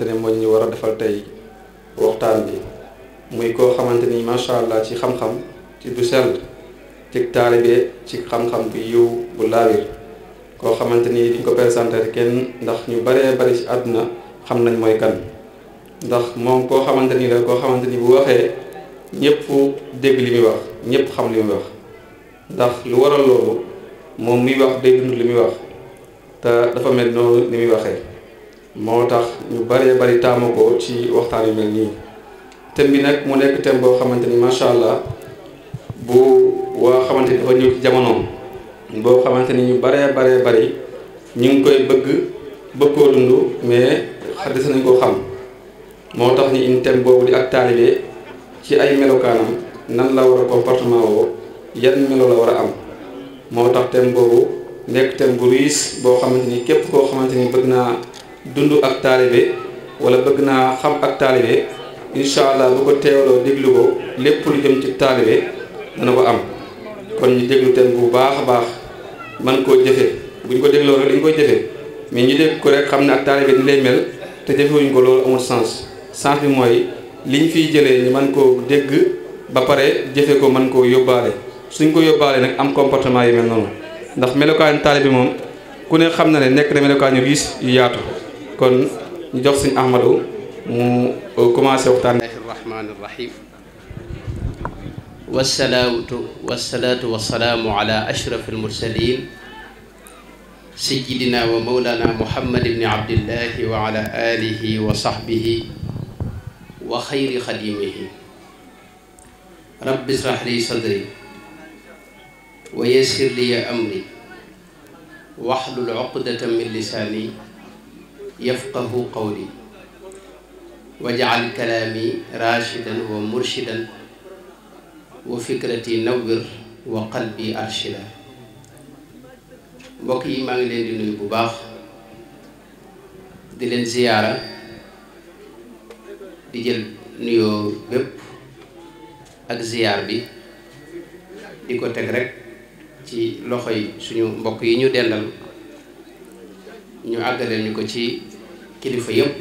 xamante ne moo ñu war a defal tey waxtaan bi muy koo xamante ni macha allah ci xam-xam ci du sell ci taalibe ci xam-xam bu yiw bu laabir koo xamante ni diñ ko présenté kenn ndax ñu baree bari ci àdduna xam nañ mooy kan ndax moom koo xamante ni la koo xamante ni bu waxee ñëpp dégg li muy wax ñëpp xam li muy wax ndax lu waral loolu moom muy wax day dund li muy wax te dafa mel noonu li muy waxee moo tax ñu bëree bari taamu ko ci waxtaan yu mel nii thème bi nag mu nekk thème boo xamante ni macha allah bu waa xamante ni dafa ñëw ci jamonoom boo xamante ni ñu bëree bëree bari ñu ngi koy bëgg bëgg koo dund mais xadis nañ ko xam moo tax ñu indi thème boobu di ak taalibe ci ay melokaanam nan la war a comportement woo yan melo la war a am moo tax thème boobu nekk thème bu riis boo xamante ni képp koo xamante ni bëgg naa. dund ak taalibe wala bëgg naa xam ak taalibe incha allah bu ko teewloo déglu ko lépp lu jëm ci taalibe dana ko am kon ñu déglu thème bu baax a baax man koo jëfe bu ñu ko dégloo rek dañu koy jëfe mais ñu dégg ko rek xam ne ak taalibe ni lay mel te jëfewuñ ko loolu amul sens sens bi mooy liñ fiy jëlee ñu man koo dégg ba pare jëfe ko man koo yóbbaale suñ ko yóbbaale nag am comportement yi mel noonu ndax melokaanu taalibe moom ku ne xam na ne nekk na melokaanu riis yu yaatu kon ñu jox suñu Ahmadou mu euh, commencé waxtaan rahmaani rahim wasalaatu wasalaatu wasalaamu ala ashraf almursalin sayidina wa maulana muhammad ibni abdillahi wa ala alihi wa sahbihi wa xayri xadimihi rabbi israh li sadri wa yassir li amri wahlul uqdatan min lisani yafqahu qawli waj'al kalaami raashidan wa murshidan wa fikrati nawwir wa qalbi arshida mbokk yi maa ngi leen di nuyu bu baax di leen ziyaara di jël nuyoo bépp ak ziyaar bi di ko teg rekk ci loxo yi suñu mbokk yi ñu dendal ñu àggale ñu ko ci kilifa yëpp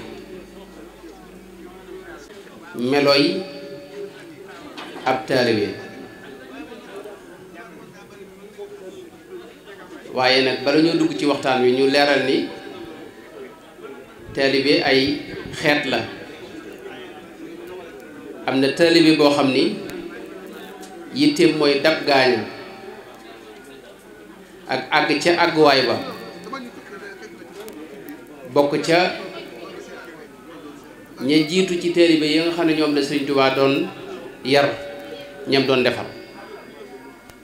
melo yi ab taalibe waaye nag bala ñoo dugg ci waxtaan wi ñu leeral ni taalibe ay xeet la am na taalibe boo xam ni yitteem mooy dab gaañu ak àgg ca àgguwaay ba bokk ca ña jiitu ci taalibe yi nga xam ne ñoom la Sëriñ Tuubaa doon yar ñam doon defar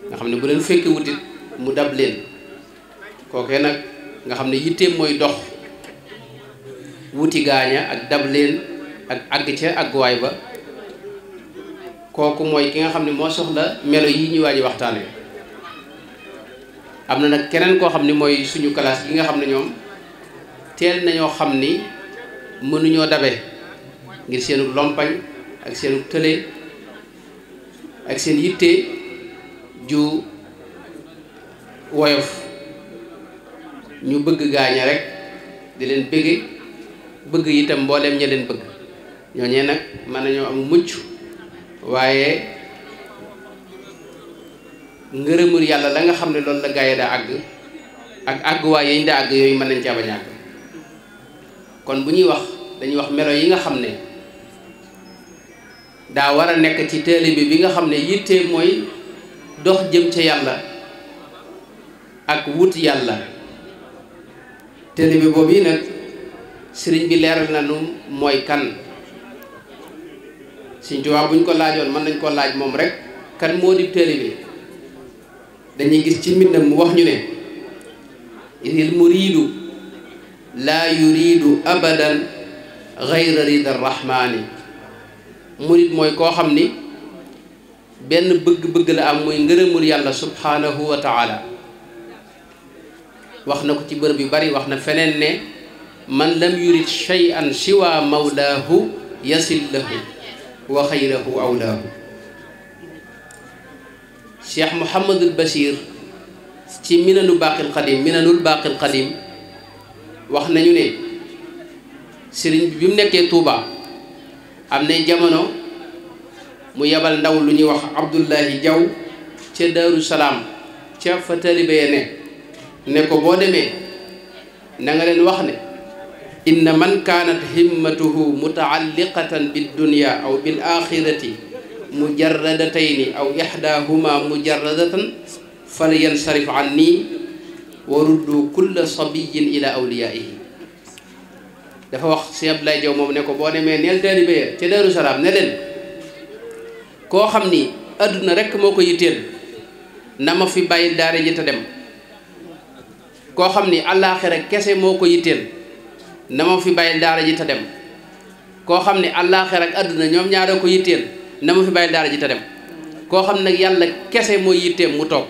nga xam ne bu leen fekkee wutit mu dab leen kookee nag nga xam ne yitteem mooy dox wuti gaaña ak dab leen ak àgg ca àgguwaay ba kooku mooy ki nga xam ne moo soxla melo yi ñu waaji waxtaane am na nag keneen koo xam ne mooy suñu classe yi nga xam ne ñoom teel nañoo xam ni mënuñoo dabe ngir seenu lompañ ak seenu tële ak seen yitte ju woyof ñu bëgg gaaña rek di leen bëgge bëgg itam mbooleem ña leen bëgg ñooñee nag mën nañoo am mucc waaye ngërëmul yàlla la nga xam ne loolu la gaaye daa àgg ak àgguwaay yañ daa àgg yooyu mën nañ ca bañ àgg kon bu ñuy wax dañuy wax melo yi nga xam ne daa war a nekk ci taalibe bi nga xam ne yitte mooy dox jëm ca yàlla ak wut yàlla taalibe boobu yi nag sëriñ bi leeral na nu mooy kan Sëriñ Tuubaa buñ ko laajoon mën nañ koo laaj moom rek kan moo di taalibe dañuy gis ci mbind mu wax ñu ne idil muriidu laa yuriidu abadan gayra rida rahmaani murit mooy koo xam ni benn bëgg-bëgg la am muy ngërëmul yàlla subhaanahu wa taala wax na ko ci bërëb yu bari wax na feneen ne man lam yurid shay'an siwa mawlaahu yasil lahu wa xayrahu awlaahu cheikh mouhamadul bashir ci minanu baqil qadim minanul baqil qadim wax nañu ne sëriñ bi mu nekkee Touba. am nay jamono mu yebal ndaw lu ñuy wax Abdullahi Jaw ca Daaru Salaam ca fa taalibe ne ne ko boo demee nanga leen wax ne inna man kaanat himmatuhu mutaalliqatan biddunya aw bil axirati mujarradatayni aw ixdaahuma mujarradatan fal yansarif an nii wa ruddu kulla sabiyin ila awliyaihi dafa wax si Abdoulaye Diaw moom ne ko boo demee neel taalibe ya ca Daaru Salaam ne leen koo xam ni àdduna rekk moo ko yitteel na ma fi bàyyi daara ji te dem koo xam ni àllaaxira kese moo ko yitteel na ma fi bàyyi daara ji te dem koo xam ni àllaaxira ak àdduna ñoom ñaaroo ko yitteel na ma fi bàyyi daara ji ta dem koo xam nag yàlla kese mooy yitteem mu toog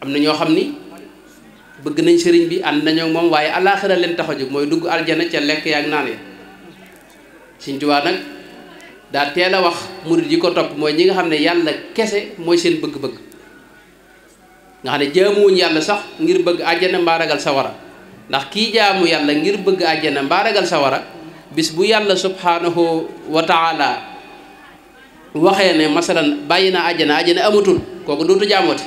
am na ñoo xam ni bëgg nañ sëriñ bi ànd nañoo moom waaye alaaxira leen tax mooy dugg aljana ca lekk yaag naan ya Sëriñ Tuubaa nag daa teel a wax murid yi ko topp mooy ñi nga xam ne yàlla kese mooy seen bëgg-bëgg nga xam ne jaamuwuñ yàlla sax ngir bëgg àjjana mbaa ragal sawara ndax kii jaamu yàlla ngir bëgg àjjana mbaa sawara bis bu yàlla subhaanahu wa taala waxee ne masalan bàyyi na àjjana àjjana amatul kooku dootu jaamooti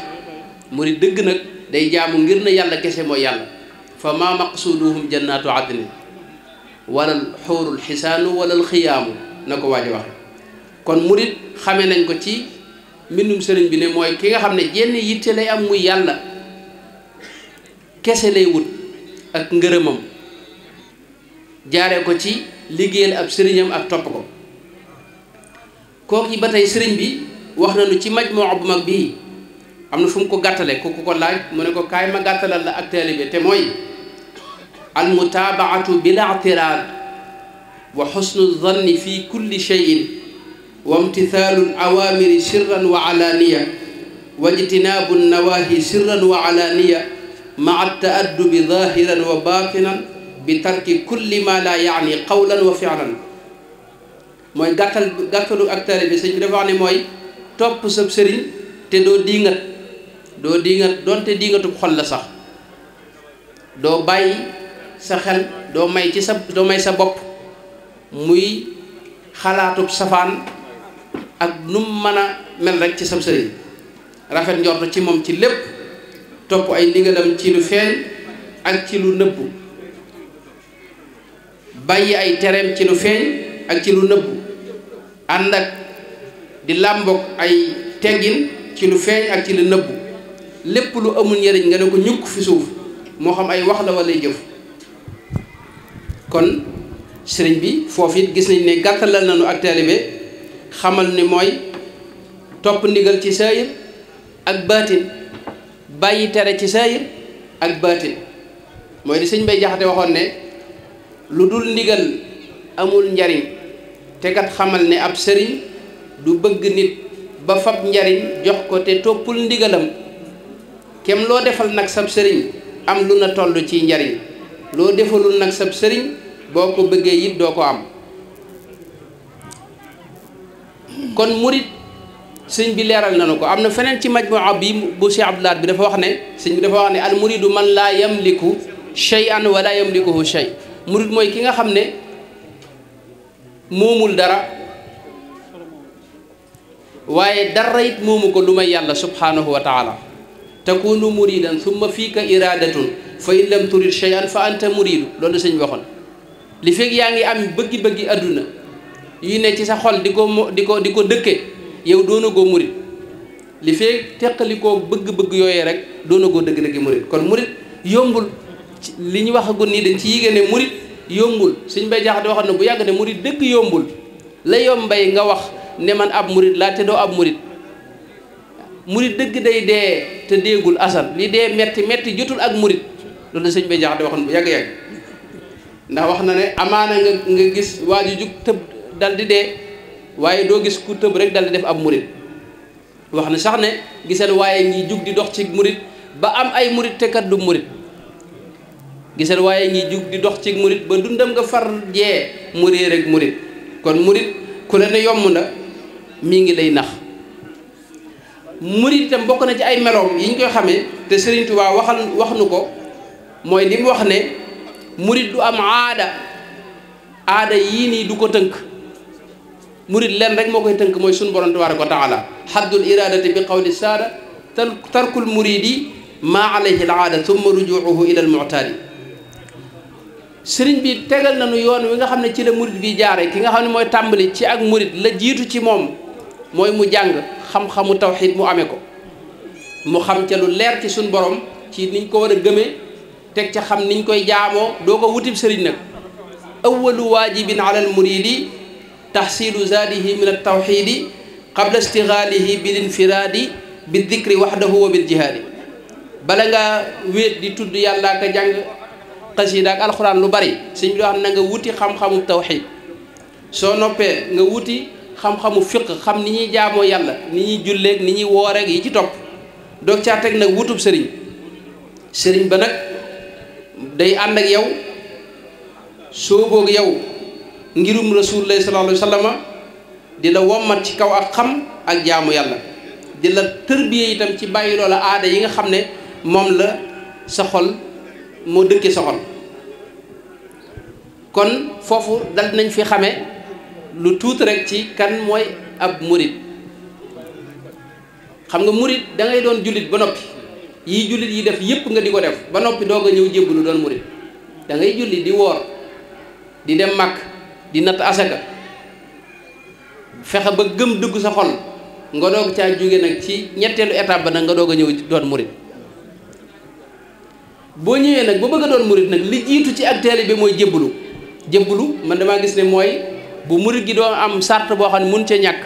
murid dëgg nag day jaamu ngir ne yàlla kese mooy yàlla fa maa maqsuduhum jannaatu adnin wala xuurul xisaanu wala xiyaamu na ko waaj waxe kon murit xamee nañ ko ci mbindum sëriñ bi ne mooy ki nga xam ne jenn yitte lay am muy yàlla kese lay wut ak ngërëmam jaare ko ci liggéeyal ab sëriñam ak topp ko kooku ba tey sëriñ bi wax nañu ci majmoo bu mag bii am na fu mu ko ko laaj mu ko kaay ma gàttalal la te mooy al bila i'tiraad wa xusnu zanni fi kulli cheyin wa imtithaalu awaamiri sirran wa alaaniya wa ijtinaabu nawaahi sirran wa alaaniya maa taaddubi zaahiran wa baatinan bi tarki kulli ma laa yaani qawlan wa fi'lan mooy gàttal gàttalu ak taalibe dafa ne mooy topp sab te doo diingat doo dingat doonte dingatub xol la sax doo bàyyi sa xel doo may ci sa doo may sa bopp muy xalaatub safaan ak num mën a mel rek ci sam rafet njort ci moom ci lépp topp ay ndigalam ci lu feeñ ak ci lu nëbbu ay tereem ci lu feeñ ak ci lu nëbbu ànd ak di làmboog ay teggin ci lu feeñ ak ci lu nëbbu lépp lu amul njëriñ nga ne ko ñukk fi suuf moo xam ay wax la walla jëf kon sëriñ bi foofu it gis nañ ne gàttalal nañu ak taalibe xamal ni mooy topp ndigal ci saayir ak baatin bàyyi tere ci saayir ak baatin mooy di sëñ bay jaxate waxoon ne lu dul ndigal amul njariñ te kat xamal ne ab sëriñ du bëgg nit ba fab njariñ jox ko te toppul ndigalam kem loo defal nag sab sëriñ am lu na toll ci njariñ loo defalul nag sab sëriñ boo ko bëggee it doo ko am kon murit sëñ bi leeral nañu ko am na feneen ci majmua bi bu Cheikh Abdoulaat bi dafa wax ne sëñ bi dafa wax ne al muridu man laa yamliku shay'an wala yamlikuhu shay murit mooy ki nga xam ne moomul dara waaye dara it moomu ko du may yàlla subhanahu wa taala takunu muridan summa fiika iradatun fa in lam turid shay'an fa anta muridu loolu sëñ waxoon li fekk yaa ngi am bëggi-bëggi àdduna yu ne ci sa xol di ko di ko di ko dëkke yow doona goo murid li fekk teqalikoo bëgg-bëgg yooyee rek doona goo dëgg dëggi murid kon murid yombul li ñu waxagul nii dañ ci yéegée ne murid yombul suñ bay jaax di waxoon ne bu yàgg ne murid dëgg yombul la yombay nga wax ne man ab murid laa te doo ab murid murit dëgg day dee te déegul asal li dee metti metti jotul ak murit loolu la sëñ bay jaxate waxoon bu yàgg-yàgg ndax wax na ne amaana nga nga gis waa ju jug tëb dal di dee waaye doo gis ku tëb rek dal di def ab murit wax na sax ne gisal waaye ngi jug di dox ci murit ba am ay murit te kat du murit gisal waaye ngi jug di dox ci murit ba dundam nga far jee murit rek murit kon murit ku la ne yomb na mi ngi lay nax murit itam bokk na ci ay meloom yi ñu koy xamee te Serigne Touba waxal wax nu ko mooy li mu wax ne murit du am aada aada yii nii du ko tënk murit leen rek moo koy tënk mooy sunu borom tabaaraka wa taala xaddul iradati bi qawli saada tarkul muridi maa alayhi al aada thumma rujuuhu ila al mu'taadi sëriñ bi tegal nu yoon wi nga xam ne ci la murit bi jaare ki nga xam ne mooy tàmbali ci ak murit la jiitu ci moom mooy mu jàng xam-xamu tawxid mu amee ko mu xam ca lu leer ci suñ borom ci niñ ko war a gëme teg ca xam niñ koy jaamoo doo ko wutib sëriñ nag awalu waajibin ala al muridi tahsilu zaadihi min al tawxidi qabla istigaalihi bil infiraadi bi dikri waxdahu wa bil jihaadi bala ngaa wéet di tudd yàlla ak jàng xasida ak alxuraan lu bari sëñ bi wax na nga wuti xam-xamu tawxid soo noppee nga wuti xam-xamu fiq xam ni ñuy jaamoo yàlla ni ñuy julleeg ni ñuy wooreeg yi ci topp doog caa teg nag wutub sëriñ sëriñ ba nag day ànd ak yow sooboog yow ngirum rasulullah sallallahu alayhi wa sallam di la wommat ci kaw ak xam ak jaamu yàlla di la tërbiye itam ci bàyyi loola aada yi nga xam ne moom la sa xol moo dëkke sa xol kon foofu dal nañ fi xamee lu tuuti rek ci kan mooy ab murit xam nga murit dangay doon jullit ba noppi yi jullit yi def yépp nga di ko def ba noppi doog a ñëw jébbalu doon murit da ngay julli di woor di dem màkk di natt asaka fexe ba gëm dugg sa xol nga doog caa jóge nag ci ñetteelu étape ba nag nga doog a ñëw doon murit boo ñëwee nag ba bëgg a doon murit nag li jiitu ci ak teele bi mooy jébbalu jébbalu man damaa gis ne mooy bu murit gi doo am sart boo xam ne mën ca ñàkk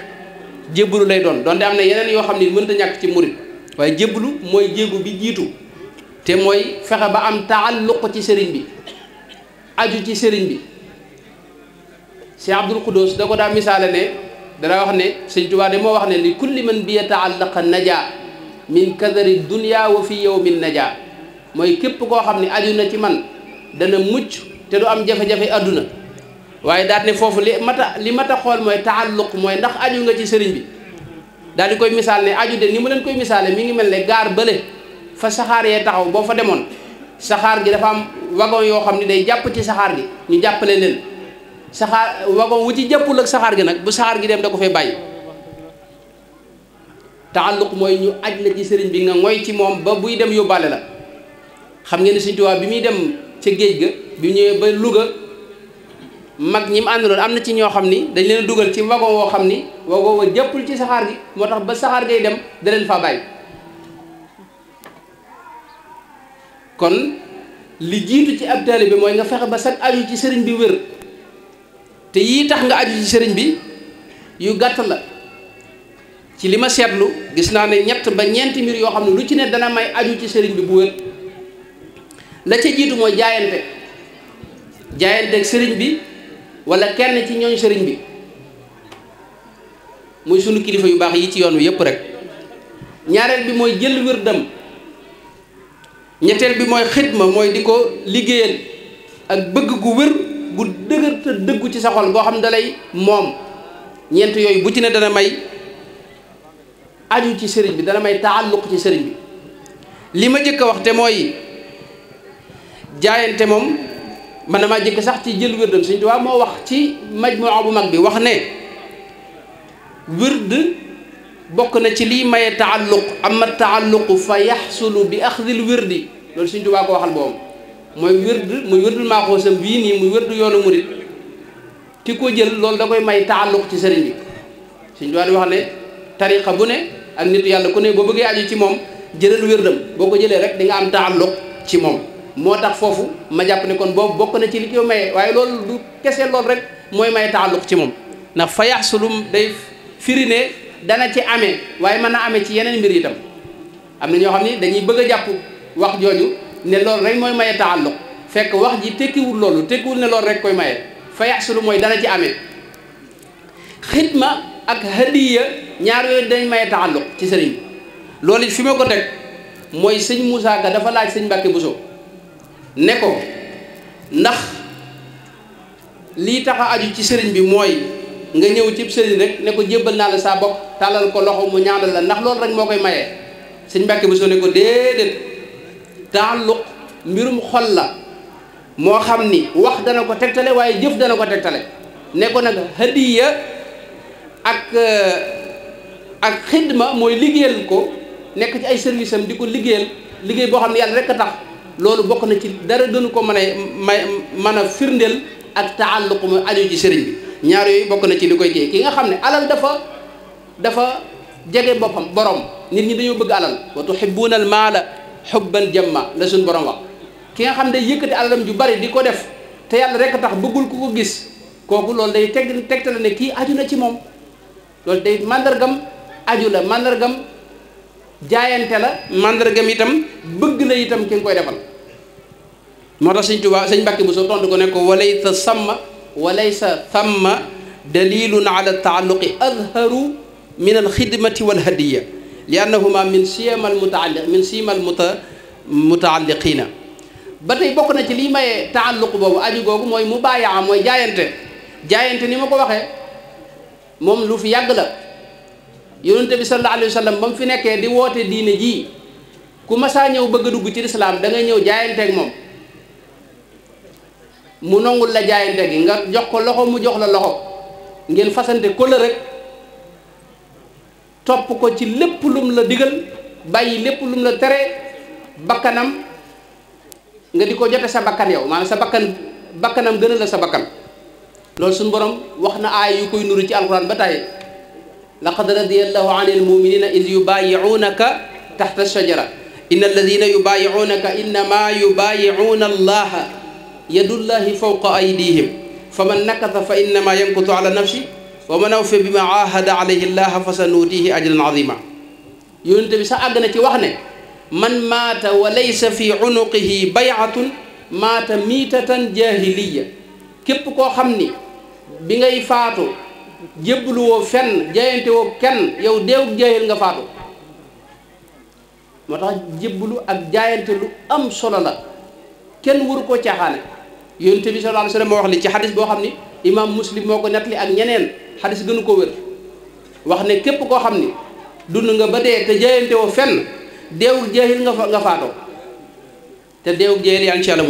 jébbalu lay doon donte am na yeneen yoo xam ne mënta ñàkk ci murit waaye jébbalu mooy jéego bi jiitu te mooy fexe ba am taalluq ci sëriñ bi aju ci sëriñ bi Cheikh Abdul Quddus da ko daa misaale ne dana wax ne sëñ Tuubaa de moo wax ne li kulli man bi yataallaqa naja min kadari dunya fii fi yawmin najaa mooy képp koo xam ne aju na ci man dana mucc te du am jafe-jafe àdduna waaye daal ne foofu li mata li mata xool mooy taalluq mooy ndax aju nga ci sëriñ bi daal di koy misaal ne aju de ni mu leen koy misaale mi ngi mel ne gaar bële fa saxaar yee taxaw boo fa demoon saxaar gi dafa am wagon yoo xam ne day jàpp ci saxaar gi ñu jàppale leen saxaar wagon wu ci jàppul ak saxaar gi nag bu saxaar gi dem da ko fay bàyyi taalluq mooy ñu aj la ci sëriñ bi nga ngoy ci moom ba buy dem yóbbaale la xam ngeen ne Sëriñ bi muy dem ca géej ga bi ñëwee ba Louga mag ñi mu àndaloon am na ci ñoo xam ni dañ leen dugal ci wagon woo xam ni wagon wa jàppul ci saxaar gi moo tax ba saxaar gay dem daleen leen bàyyi kon li jiitu ci ab taalibe bi mooy nga fexe ba sag aju ci sëriñ bi wér te yi tax nga aju ci sëriñ bi yu gàtt la ci li ma seetlu gis naa ne ñett ba ñeenti mbir yoo xam ne lu ci ne dana may aju ci sëriñ bi bu wér la ca jiitu mooy jaayante jaayante ak sëriñ bi wala kenn ci ñooñ sëriñ bi muy sunu kilifa yu baax yi ci yoon wi yëpp rek ñaareel bi mooy jël wirdam ñetteel bi mooy xidma mooy di ko liggéeyal ak bëgg gu wér gu dëgër te dëggu ci sa xol boo xam dalay moom ñeent yooyu bu ci ne dana may aju ci sëriñ bi dana may taalluq ci sëriñ bi li ma jëkk a wax te mooy jaayante moom man damaa jëkk sax ci jël wérdam Sëñ Tuubaa moo wax ci majmuwa bu mag bi wax ne wérd bokk na ci lii maye am amma taalluq fa yaxsulu bi axdil wérdi loolu Sëñ Tuubaa ko waxal boobu mooy wérd muy wérdul maaxoosam bii nii muy wérdu yoonu murit ki ko jël loolu da koy may taalluq ci sëriñ bi Sëñ Tuubaa di wax ne tariqa bu ne ak nit yàlla ku ne boo bëggee aju ci moom jëlal wérdam boo ko jëlee rek di nga am taalluq ci moom moo tax foofu ma jàpp ne kon boobu bokk na ci li koy maye waaye loolu du kese loolu rek mooy maye taalluq ci moom ndax fa yaxsulum day firine dana ci ame waaye mën na amee ci yeneen mbir itam am na ñoo xam ni dañuy bëgg a jàpp wax jooju ne loolu rek mooy maye taalluq fekk wax ji tekkiwul loolu tekkiwul ne loolu rek koy maye fa yaxsulu mooy dana ci amee ma ak hadiya ñaar yooyu dañ maye taalluq ci sëriñ loolu fi ma ko teg mooy sëñ Moussa dafa laaj sëñ Mbàkke Bousso ne ko ndax lii tax a aju ci sëriñ bi mooy nga ñëw cib sëriñ rek ne ko jébbal naa la saa bopp tàllal ko loxo mu ñaanal la ndax loolu rek moo koy maye sëñ Mbàkke Buso ne ko déedéet taalluq mbirum xol la moo xam ni wax dana ko tegtale waaye jëf dana ko tegtale ne ko nag hadiya ak euh, ak xidma mooy liggéeyal ko nekk ci ay service di ko liggéeyal liggéey boo xam ne yàlla rekk a tax loolu bokk na ci dara gënu ko mën a may mën a firndeel ak taalluq mu aju ci sëriñ bi ñaar yooyu bokk na ci li koy téye ki nga xam ne alal dafa dafa jege boppam borom nit ñi dañoo bëgg alal wa tuhibbuuna al maala xubban jamma la suñ borom wax ki nga xam ne yëkkati alalam ju bari di ko def te yàlla rek tax bëggul ku ko gis kooku loolu day teg tegtale ne kii aju na ci moom loolu day màndargam aju la màndargam jaayante la màndargam itam bëgg na itam ki koy defal moo tax sëñ Tuubaa sëñ Mbàkke Buso tontu ko ne ko walaysa samma walaysa samma dalilun ala taalluqi azharu min alxidmati walhadiya li annahuma min siyam almutaalliq min siyam almuta mutaalliqina ba tey bokk na ci lii maye taalluq boobu aju googu mooy mubaayaa mooy jaayante jaayante ni ma ko waxee moom lu fi yàgg la yonent bi sallallahu alayhi wa sallam ba mu fi nekkee di wootee diine jii ku saa ñëw bëgg a dugg ci lislaam da ngay ñëw jaayanteeg moom mu nongul la jaayante gi nga jox ko loxo mu jox la loxo ngeen fasante kóllëre rek topp ko ci lépp lum la digal bàyyi lépp lum la tere bakkanam nga di ko jote sa bakkan yow maanaam sa bakkan bakkanam gën la sa bakkan loolu suñu borom wax na aay yu koy nuru ci alxuraan ba tey laqad radiyallahu anil muminina iz yubayi'unaka tahta shajara inna alladina yubayi'unaka innama yubayi'una allaha yadullahi fawqa aydihim faman nakasa fa innama yankutu ala nafsi wa man awfa bima ahada alayhi llaha fa sanuutihi ajran azima yonent bi sax àgg na ci wax ne man maata wa laysa fi unuqihi bayatun maata miitatan jahiliya képp koo xam ni bi ngay faatu jébbalu woo jaayante woo kenn yow deewug jaahil nga faatu moo tax ak jaayante lu am solo la kenn waru koo caaxaane yonent bi sallallahu moo wax li ci xadis boo xam ni imam muslim moo ko nettali ak ñeneen xadis gënu ko wér wax ne képp koo xam ni dund nga ba dee te jaayante woo fenn deewul jaahil nga fa nga faatoo te deewul jaahil yaa ngi ci yàlla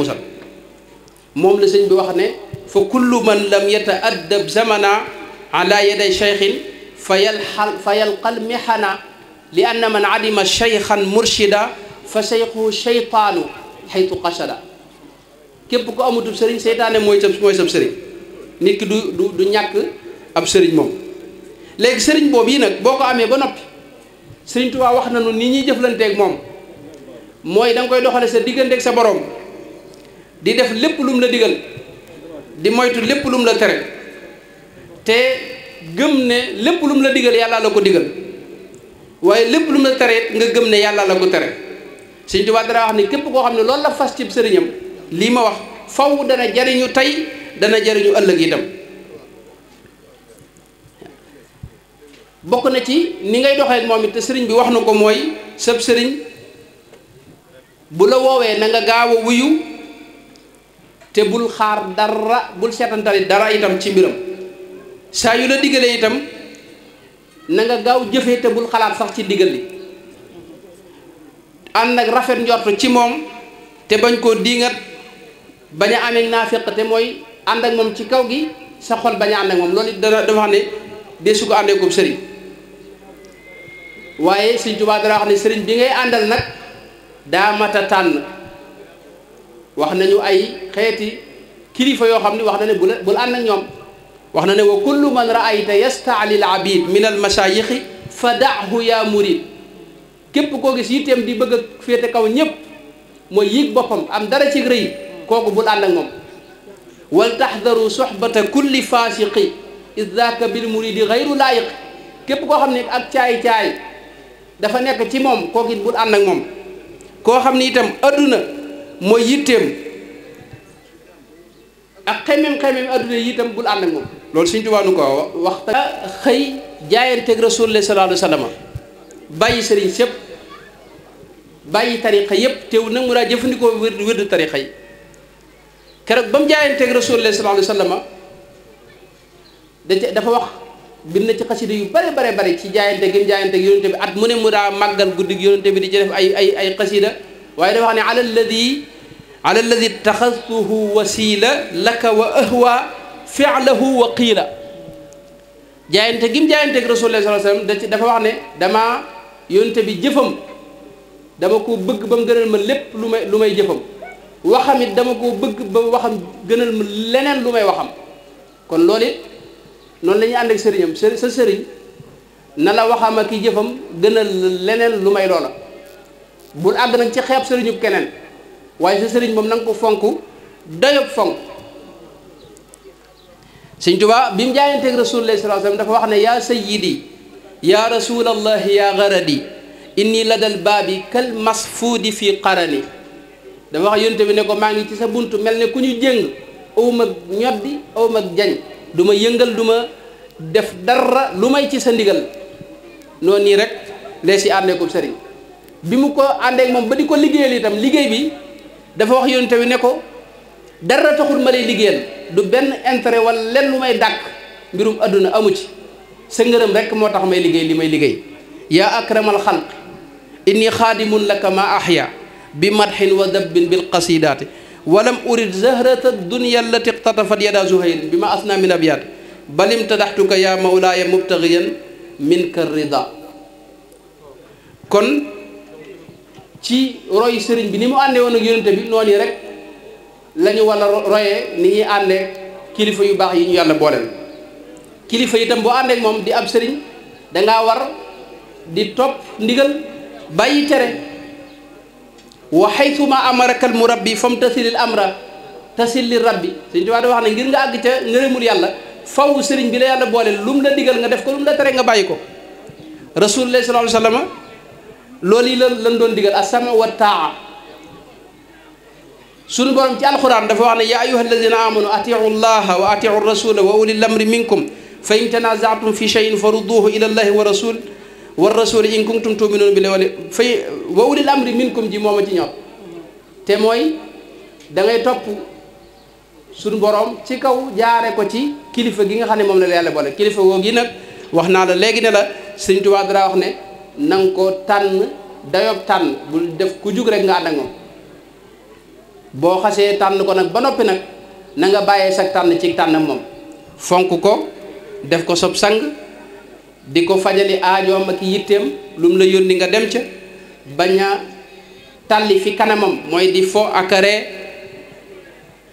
moom la sëñ bi wax ne fa kullu man lam yata'addab zamana ala yaday cheikhin fa yalxal fa yalqal mihana li anna man adima cheikhan murshida fa cheikhu cheytaanu xaytu qasada képp ko amatul sëriñ seytaane mooy sam mooy sam sëriñ nit du du du ñàkk ab sëriñ moom léegi sëriñ boobu yi nag boo ko amee ba noppi sëriñ Tuubaa wax nañu ni ñuy jëflanteeg moom mooy da koy doxale sa digganteeg sa boroom di def lépp lum la digal di moytu lépp lum la tere te gëm ne lépp lum la digal yàlla la ko digal waaye lépp lum la tere nga gëm ne yàlla la ko tere sëriñ Tuubaa dara wax ni képp koo xam ne loolu la fas ci sëriñam lii ma wax faw dana jariñu tey dana jariñu ëllëg itam bokk na ci ni ngay doxee moom it te sëriñ bi wax na ko mooy sëb sëriñ bu la woowee na nga gaaw a wuyu te bul xaar dara bul seetantali dara itam ci mbiram saa yu la diggalee itam na nga gaaw jëfee te bul xalaat sax ci diggal li ànd ak rafet njort ci moom te bañ koo diingat bañ a amee naafiq te mooy ànd ak moom ci kaw gi sa xol bañ a ànd ak moom loolu dana dafa xam ne dee su àndee ko sëriñ waaye Sëriñ Tuubaa dara wax ne sëriñ bi ngay àndal nag daa a tànn wax nañu ay xeeti kilifa yoo xam ne wax na ne bul ànd ak ñoom wax na ne wa kullu man raayta yastaalil abid min al masayixi fa dahu yaa murid képp koo gis yitteem di bëgg a féete kaw ñépp mooy yëg boppam am dara ci rëy kooku bul ànd ak moom wal taxdaru soxbata kulli fasiqi idaka bil muridi xayru laayiq képp koo xam ne ak caay-caay dafa nekk ci moom kooku it bul ànd ak moom koo xam ne itam adduna mooy yitteem ak xemem-xemem adduna yi itam bul ànd ak moom loolu si tubaab ko wax xëy jaayanteeg rasulullah sallallahu alayhi wa sallam bàyyi sëriñ sëpp bàyyi tariqa yëpp teew nag mu daa jëfandikoo wér wér tariqa yi keroog ba mu jaayanteeg rasulullah sallallahu alayhi dafa wax bind na ci xasida yu bare bare ci jaayante gi mu jaayante gi at mu ne mu daa màggal guddi di ci ay ay ay waaye dafa wax ne ala alladi ala alladi taxastuhu wasila laka wa ahwa fi'lahu wa qiila jaayante gi mu jaayante ak rasulullah sallallahu dafa wax ne dama yonente bi jëfam dama ko bëgg ba mu gënal ma lépp lu may lu may jëfam waxam it dama koo bëgg ba waxam gënal leneen lu may waxam kon loolu noonu la ñuy ànd ak sëriñam sa sëriñ na la waxam ak i jëfam gënal leneen lu may loola bul àgg nag ci xeeb sëriñu keneen waaye sa sëriñ moom na ko fonk doyob fonk sëñ Tuubaa bi mu jaayanteeg rasulillahi sallallahu alayhi wasallam dafa wax ne yaa sayyidi yaa rasulallahi yaa garadi inni ladal baabi kal masfuudi fi qarani dafa wax yonte bi ne ko maa ngi ci sa buntu mel ne ku ñu jéng aw mag ñoddi aw mag jañ du ma yëngal du ma def dara lu may ci sa ndigal noonu nii rek lees yi àndee ko sëriñ bi mu ko àndeek moom ba di ko liggéeyal itam liggéey bi dafa wax yonte bi ne ko dara taxul ma lay liggéeyal du benn intérêt wala lenn lu may dàkk mbirum àdduna amu ci sa ngërëm rek moo tax may liggéey li may liggéey yaa akramal xalq inni xaadimun laka ma ahya bi madxin wa dabbin bil qasidaati walam urid zahrata dunya allati iqtatafat yada zuhayrin bi ma asna min abyaat balim tadaxtuka yaa mawlaaya mubtagiyan min ka rida kon ci roy sëriñ bi ni mu àndee woon ak bi noonu yi rek lañu ñu war a royee ni ñuy àndee kilifa yu baax yi ñu yàlla booleel kilifa itam boo àndee moom di ab sëriñ danga war di topp ndigal bàyyi tere wa xaysuma amarakal murabbi fam tasilil amra tasil li rabbi suñu tubaab di wax ne ngir nga àgg ca ngërëmul yàlla faw sëriñ bi la yàlla boole lu mu la digal nga def ko lu mu la tere nga bàyyi ko rasulullah sallallahu alayhi wasallam loolu yi lan lan doon digal asama wa taa suñu borom ci alquran dafa wax ne ya ayuha alladina amanu atiu llaha wa atiu rasula wa ulil amri minkum fa in tanazatum fi cheyin fa rudduhu ila allahi wa rasul war rasuli in kuntum tuminuuna bi la wala fay wa ulil amri minkum ji mooma ci ñor te mooy dangay ngay topp suñu boroom ci kaw jaare ko ci kilifa gi nga xam ne moom la yàlla boole kilifa woo gi nag wax naa la léegi ne la sëñ Tuubaa dara wax ne nanga nga ko tànn dayob tànn bul def ku jug rek nga ànd ak moom boo xasee tànn ko nag ba noppi nag na nga bàyyee sag tànn ci tànn moom fonk ko def ko sob sang di ko fajali aajoom ak yitteem lu mu la yónni nga dem ca bañ a tàlli fi kanamam mooy di fo ak ree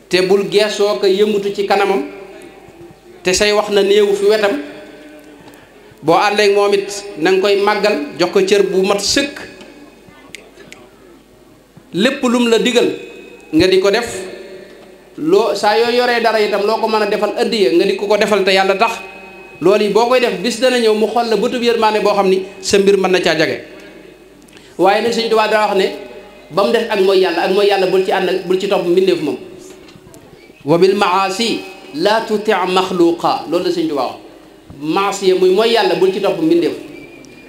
te bul geesoo ko yëngutu ci kanamam te say wax na néewu fi wetam boo àndeek moom it na koy màggal jox ko cër bu mat sëkk lépp lum la digal nga di ko def loo saa yoo yoree dara itam loo ko mën a defal ëddiya nga di ko ko defal te yàlla tax loolu yi boo koy def bis dana ñëw mu xool la bëtub yërmaane boo xam ni sa mbir mën na caa jage waaye nag Sëñ Tuubaa daa wax ne ba mu def ak mooy yàlla ak mooy yàlla bul ci ànd bul ci topp mbindeef moom wa bil maasi laa tuti maxluqa loolu la mooy yàlla bul ci topp mbindeef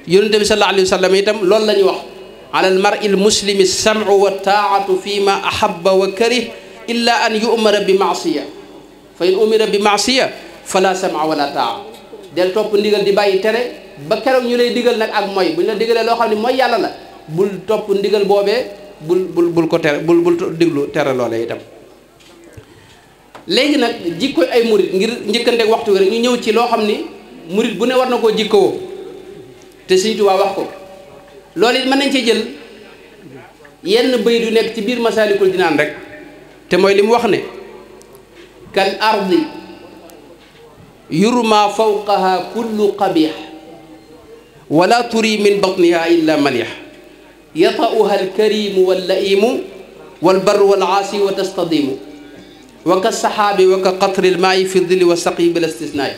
yonente bi sallallahu alayhi wa sallam itam loolu fi ma ahabba wa karih illa an yu'mara bi maasiya fa in umira bi maasiya fala sam'a wala taa'a del topp ndigal di bàyyi tere ba keroog ñu lay digal nag ak mooy bu ñu la digalee loo xam ne mooy yàlla la bul topp ndigal boobee bul bul bul ko tere bul bul diglu tere loolee itam léegi nag jikko ay murit ngir njëkkante waxtu wi rek ñu ñëw ci loo xam ni murit bu ne war na koo jikkoo te Sëñ Tuubaa wax ko loolu it mën nañ ci jël yenn bayit du nekk ci biir Masaalikul naan rek te mooy li mu wax ne kan ardi yurma fawqaha kullu qabih wala turi min batniha illa manih yata'uha alkarimu wallaimu walbarru walcaasi wa tastadimu wa ka saxaabi wa ka qatri almaai fi dilli wa saqi bila istisnaai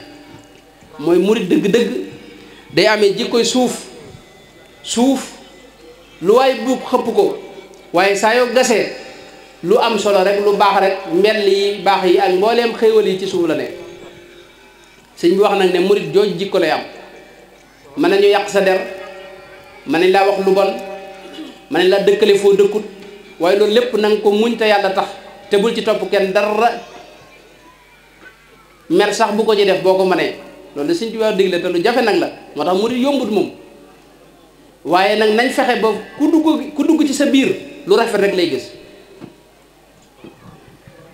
mooy murit dëgg-dëgg day amee jikkoy suuf suuf lu waay buub xëpp ko waaye saa yoo lu am solo rek lu baax rek mel yi baax yi ak mbooleem xéewal yi ci suuf la sëñ bi wax nag ne murit jooju jikko lay am mën nañu yàq sa der mën nañ laa wax lu bon mën nañ laa dëkkale foo dëkkut waaye loolu lépp na nga ko muñ te yàlla tax te bul ci topp kenn dara mer sax bu ko ci def boo ko mënee loolu sëñ bi wax digle te lu jafe nag la moo tax murit yombut moom waaye nag nañ fexe ba ku dugg ku dugg ci sa biir lu rafet rek lay gis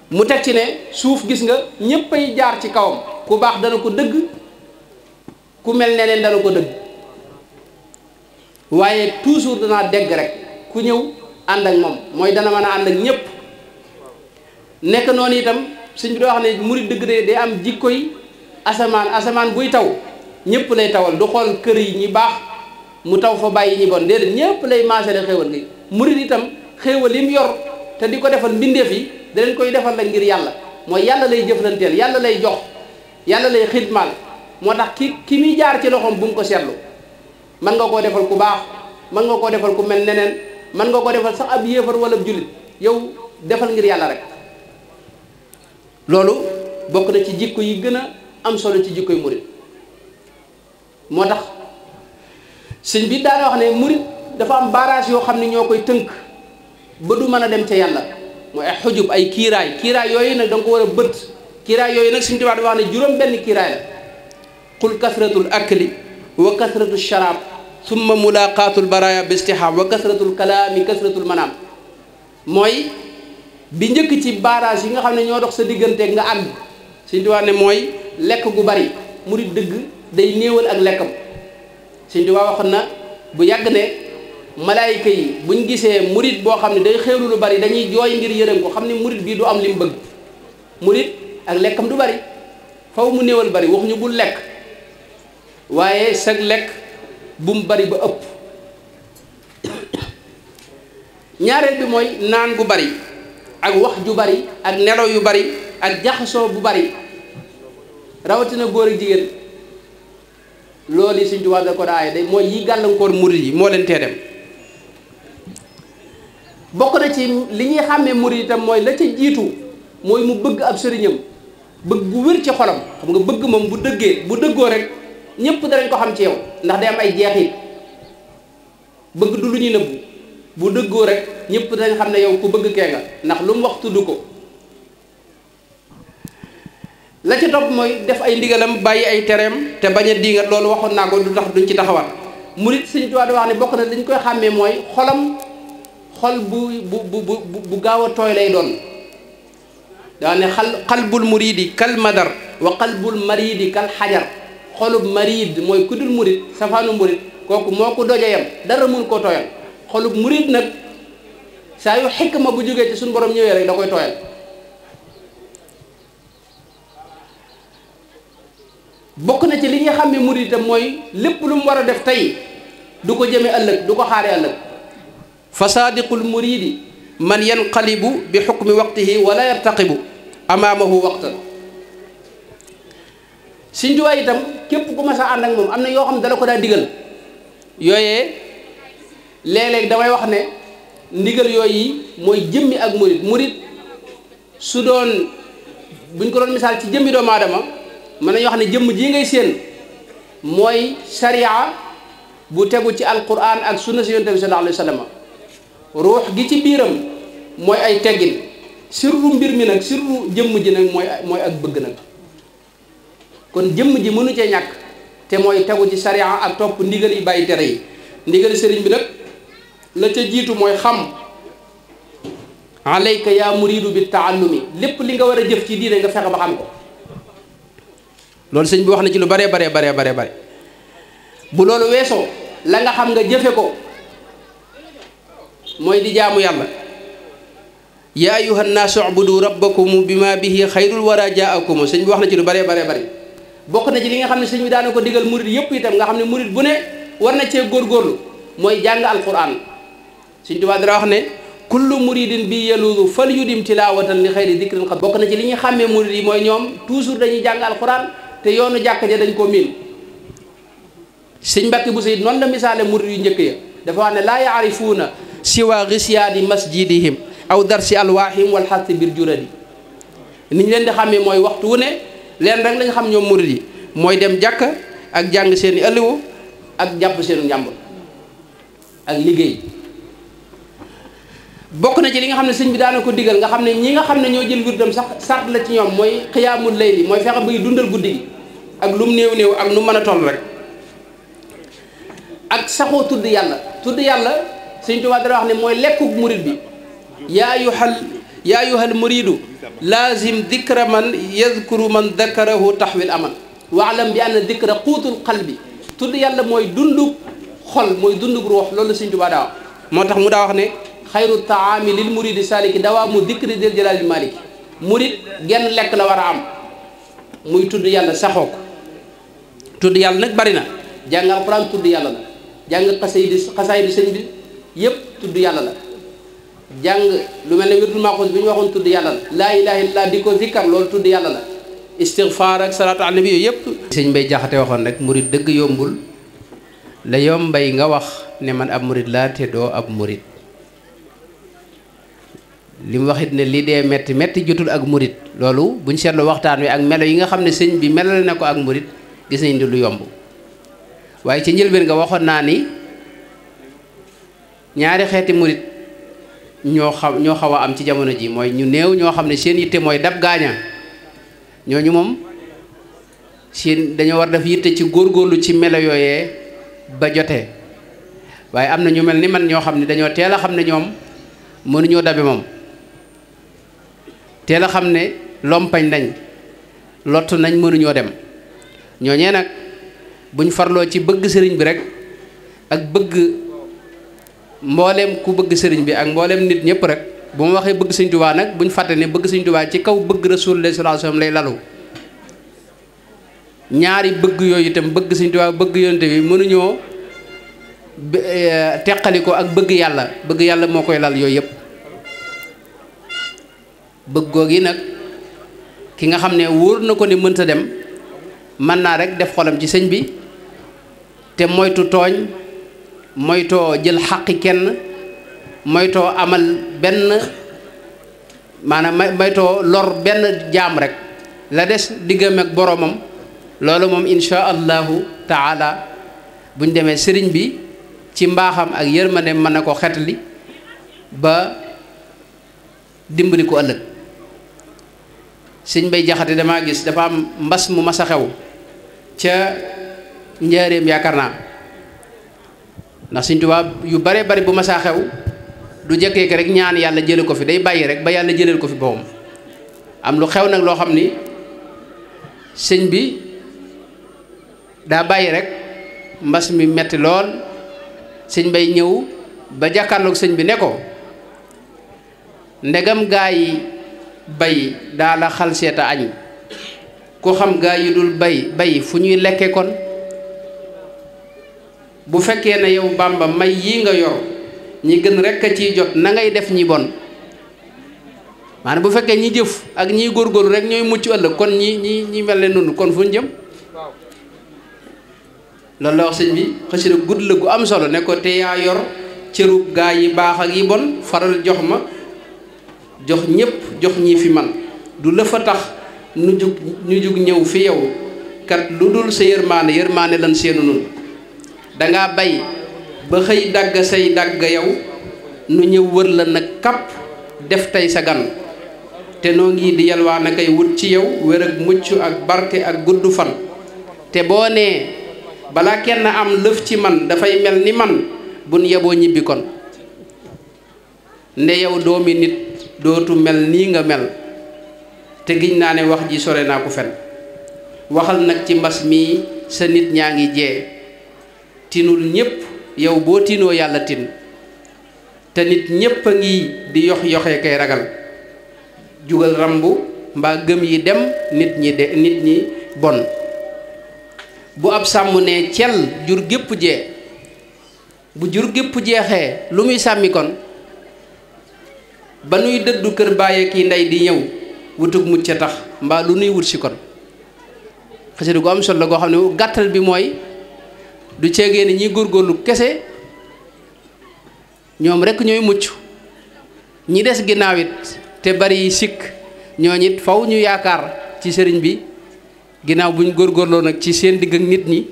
mu teg ci ne suuf gis nga ñépp ay jaar ci kawam ku baax dana ko dëgg ku mel ne leen dana ko dëgg waaye toujours danaa dégg rek ku ñëw ànd ak moom mooy dana mën a ànd ak ñépp nekk noonu itam suñ bi doo wax ne murid dëgg de day am jikko asamaan asamaan buy taw ñëpp lay tawal du xool kër yi ñi baax mu taw fa bàyyi ñi bon déedéet ñëpp lay maasale xéewal gi murid itam xéewal yi mu yor te di ko defal mbindeef yi da leen koy defal la ngir yàlla mooy yàlla lay jëflanteel yàlla lay jox yàlla lay xidmaal moo tax ki ki muy jaar ci loxoom bu mu ko seetlu mën nga koo defal ku baax mën nga koo defal ku mel neneen mën nga koo defal sax ab yéefar wala ab jullit yow defal ngir yàlla rek loolu bokk na ci jikko yi gën a am solo ci jikkoy murit moo tax sëñ bi daana wax ne murit dafa am barrage yoo xam ne ñoo koy tënk ba du mën a dem ca yàlla mooy ay xujub ay kiiraay kiiraay yooyu nag da nga ko war a bët kiiraay yooyu nag suñu tubaab wax ne juróom benn kiiraay la qul kasratul akli wa kasratul sharaab summa mulaqaatul baraya bi istihaab wa kasratul kalaami kasratul manaam mooy bi njëkk ci barrage yi nga xam ne ñoo dox sa diggante nga àgg suñu ne mooy lekk gu bari murid dëgg day néewal ak lekkam suñu tubaab wax na bu yàgg ne malaayika yi buñ gisee murid boo xam ne day xéewlu lu bari dañuy jooy ngir yërëm ko xam ne murid bii du am li mu bëgg ak lekkam du bari faw mu néewal bari waxuñu bul lekk waaye sag lekk bu mu bari ba ëpp ñaareel bi mooy naan gu bari ak wax ju bari ak nelaw yu bari ak jaxasoo bu bari rawatina góor ak jigéen loolu yi suñ tubaab ko daaye day mooy yi gàllankoor murid yi moo leen tee dem bokk na ci li ñuy xàmmee murid itam mooy la ca jiitu mooy mu bëgg ab sëriñam bëgg bu wér ci xolam xam nga bëgg moom bu dëggee bu dëggoo rek ñëpp danañ ko xam ci yow ndax day am ay jeexit bëgg du lu ñuy nëbbu bu dëggoo rek ñëpp danañ xam ne yow ku bëgg kee ndax lu mu waxtu du ko la ci topp mooy def ay ndigalam bàyyi ay tereem te bañ a diingat loolu waxoon naa ko du tax duñ ci taxawaat murit Sëñ Tuubaa di wax ne bokk na dañ koy xàmmee mooy xolam xol bu bu bu bu gaaw a tooy lay doon daa ne xal xalbul muridi kal madar wa xalbul maridi kal xajar xolub marid mooy ku dul murid safaanu murid kooku moo ko doja yam dara mun koo tooyal xolub murid nag saa yu xikma bu jógee ci suñu borom ñëwee rek da koy tooyal bokk na ci li ñuy xam ne murid mooy lépp lu mu war a def tey du ko jëme ëllëg du ko xaare ëllëg fa saadiqul man yanqalibu bi xukmi waqtihi wala yartaqibu amaamahu waqtan Sëñ Tuubaa itam képp ku mas a moom am na yoo xam ne dala ko daa digal yooyee léeg damay wax ne ndigal yi mooy jëmmi ak murit murit su doon buñ ko doon misaal ci jëmmi doomu aadama mën nañu wax ne jëmm ji ngay séen mooy sariya bu tegu ci alquran ak sunna si yonent bi sallallahu alayhi ruux gi ci biiram mooy ay teggin sirru mbir mi nag sirru jëmm ji nag mooy ak bëgg nag kon jëmm ji mënu cee ñàkk te mooy tegu ci sariya ak topp ndigal yi bàyyi tere yi ndigal sëriñ bi nag la ca jiitu mooy xam alayka yaa muridu bi taallumi lépp li nga war a jëf ci diine nga fexe ba xam ko loolu sëñ bi wax na ci lu bare bare bare bare bare bu loolu weesoo la nga xam nga jëfe ko mooy di jaamu yàlla yaa ayuha nnaasu ubudu rabbakum bi ma bihi xayrul wara jaakum sëñ bi wax na ci lu baree baree bari bokk na ci li nga xam ne sëñ bi daana ko digal murit yëpp itam nga xam ne murit bu ne war na cee góorgóorlu mooy jàng alquran sëñ Tuubaa dara wax ne kullu muridin bi yaluudu fal yudim tilaawatan li xayri dikrin xat bokk na ci li ñu xàmmee murid yi mooy ñoom toujours dañuy jàng alquran te yoonu jàkk ja dañ ko miin sëñ Mbàkke bu sayid noonu la misaale murid yu njëkk ya dafa wax ne laa yaarifuuna siwaa siwa risyaadi masjidihim aw darsi alwaahim wal biir bir juradi niñ leen di xamee mooy waxtu wu ne leen rek lañ xam ñoom murid yi mooy dem jàkk ak jàng seen i ak jàpp seenu njàmbur ak liggéey bokk na ci li nga xam ne sëñ bi daana ko digal nga xam ne ñi nga xam ne ñoo jël wirdam sax sart la ci ñoom mooy xiyaamul layli mooy fexe bay dundal guddi gi ak lum néew néew ak lu mën a toll rek ak saxoo tudd yàlla tudd yàlla sëñ Tuubaa dara wax ne mooy lekk lekkuk murid bi yaa yuhal yaa yuhal muridu laazim dikra man yadkuru man dakarahu taxwil aman waalam bi anna dikra quutul qalbi tudd yàlla mooy dundug xol mooy dundug ruux loolu sëñ Tuubaa daa moo tax mu daa wax ne xayru taami lil muridi saliki dawaa mu dikri del jalaali maliki murid genn lekk la war a am muy tudd yàlla saxoo ko tudd yàlla nag bari na jàng alxuraan tudd yàlla la jàng xasaydi xasaydi sëñ yépp tudd yàlla la jàng lu mel ne wirdul maaxuus bi ñu waxoon tudd yàlla la laa ilaha illa di ko zikkar loolu tudd yàlla la istigfaar ak salaatu ala nabi yooyu yépp sëñ bay Jaxate waxoon rek murit dëgg yombul la yombay nga wax ne man ab murit laa te doo ab murit li waxit ne li dee metti metti jotul ak murit loolu buñ seetlu waxtaan wi ak melo yi nga xam ne sëñ bi melal na ko ak murit gis nañ ni lu yomb waaye ci njëlbeen nga waxoon naa ni ñaari xeeti murit ñoo xam ñoo xaw a am ci jamono ji mooy ñu néew ñoo xam ne seen yitte mooy dab gaaña ñooñu moom seen dañoo war def yitte ci góorgóorlu ci melo yooyee ba jotee waaye am na ñu mel ni man ñoo xam ne dañoo teel a xam ne ñoom mënuñoo dabe moom teel a xam ne lompañ nañ lott nañ mënuñoo dem ñooñee nag buñ farloo ci bëgg sëriñ bi rek ak bëgg mbooleem ku bëgg sëriñ bi ak mbooleem nit ñëpp rek bu ma waxee bëgg sëñ tubaa nag buñ fàtte ne bëgg sëñ tubaa ci kaw bëgg rasulullah sallallahu alayhi lay lalu ñaari bëgg yooyu itam bëgg sëñ tubaa bëgg yonte bi mënuñoo eh, teqali ko ak bëgg yàlla bëgg yàlla moo koy lal yooyu yëpp bëggoo gi nag ki nga xam ne wóor na ko ne mënta dem mën naa rek def xolam ci sëñ bi te moytu tooñ moytoo jël xaqi kenn moytoo amal benn maanaam moytoo lor benn jaam rek la des diggam ak boroomam loolu moom insha allahu taala buñ demee sëriñ bi ci mbaaxam ak yërmande mën na ko xetli ba dimbali ko ëllëg sëñ bay jaxate damaa gis dafa am mbas mu mas a xew ca njaareem yaakaar naa ndax Sëñ Tuubaa yu bare bari bu masaa xew du jëkkee rek ñaan yàlla jële ko fi day bàyyi rek ba yàlla jëleel ko fi boppam am lu xew nag loo xam ni sëñ bi daa bàyyi rek mbas mi metti lool sëñ bay ñëw ba jàkkaarloog sëñ bi ne ko ndegam gaa yi bay daala xal seeta añ ku xam gaa yi dul bay bay fu ñuy lekke kon bu fekkee ne yow Bàmba may yii nga yor ñi gën rekk a ciy jot na ngay def ñi bon maanaam bu fekkee ñi jëf ak ñiy góorgóorlu rek ñooy mucc ëllëg kon ñii ñi ñi mel ne noonu kon fu ñu jëm loolu la wax sëñ bi xasida gudd la gu am solo ne ko te yaa yor cëru gaa yi baax ak yi bon faral jox ma jox ñépp jox ñi fi man du la a tax nu jug ñu jug ñëw fi yow kat lu dul sa yërmaane yërmaane lan seenu noonu danga bay ba xëy dagg say dagg yow nu ñëw wër la nag kàpp def tey sa gan te noo ngi di yalwaan a koy wut ci yow wér ak mucc ak barke ak gudd fan te boo nee balaa kenn am lëf ci man dafay mel ni man bun yeboo ñibbi kon ne yow doomi nit dootu mel nii nga mel te giñ naa ne wax ji sore naa ko fen waxal nag ci mbas mii sa nit ñaa ngi jee tinul ñépp yow boo tinoo yàlla tin te nit ñépp a ngi di yox yoxee kay ragal jugal rambu mbaa gëm yi dem nit ñi de nit ñi bon bu ab sàmm ne cel jur gépp bu jur gépp jeexee lu muy sàmmi kon ba nuy dëddu kër bàyyee kii ndey di ñëw wutug mucc ca tax mbaa lu nuy wut kon xasida gu am solo la xam ne gàttal bi mooy du ceegee ni ñiy góorgóorlu kese ñoom rek ñooy mucc ñi des ginnaaw it te bari yi sikk ñooñ it faw ñu yaakaar ci sëriñ bi ginnaaw buñ góorgóorloo nag ci seen digg ak nit ñi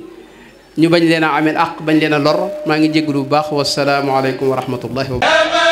ñu bañ leen a ameel àq bañ leen a lor maa ngi jégalu bu baax wasalaamualeykum wa rahmatullahi wa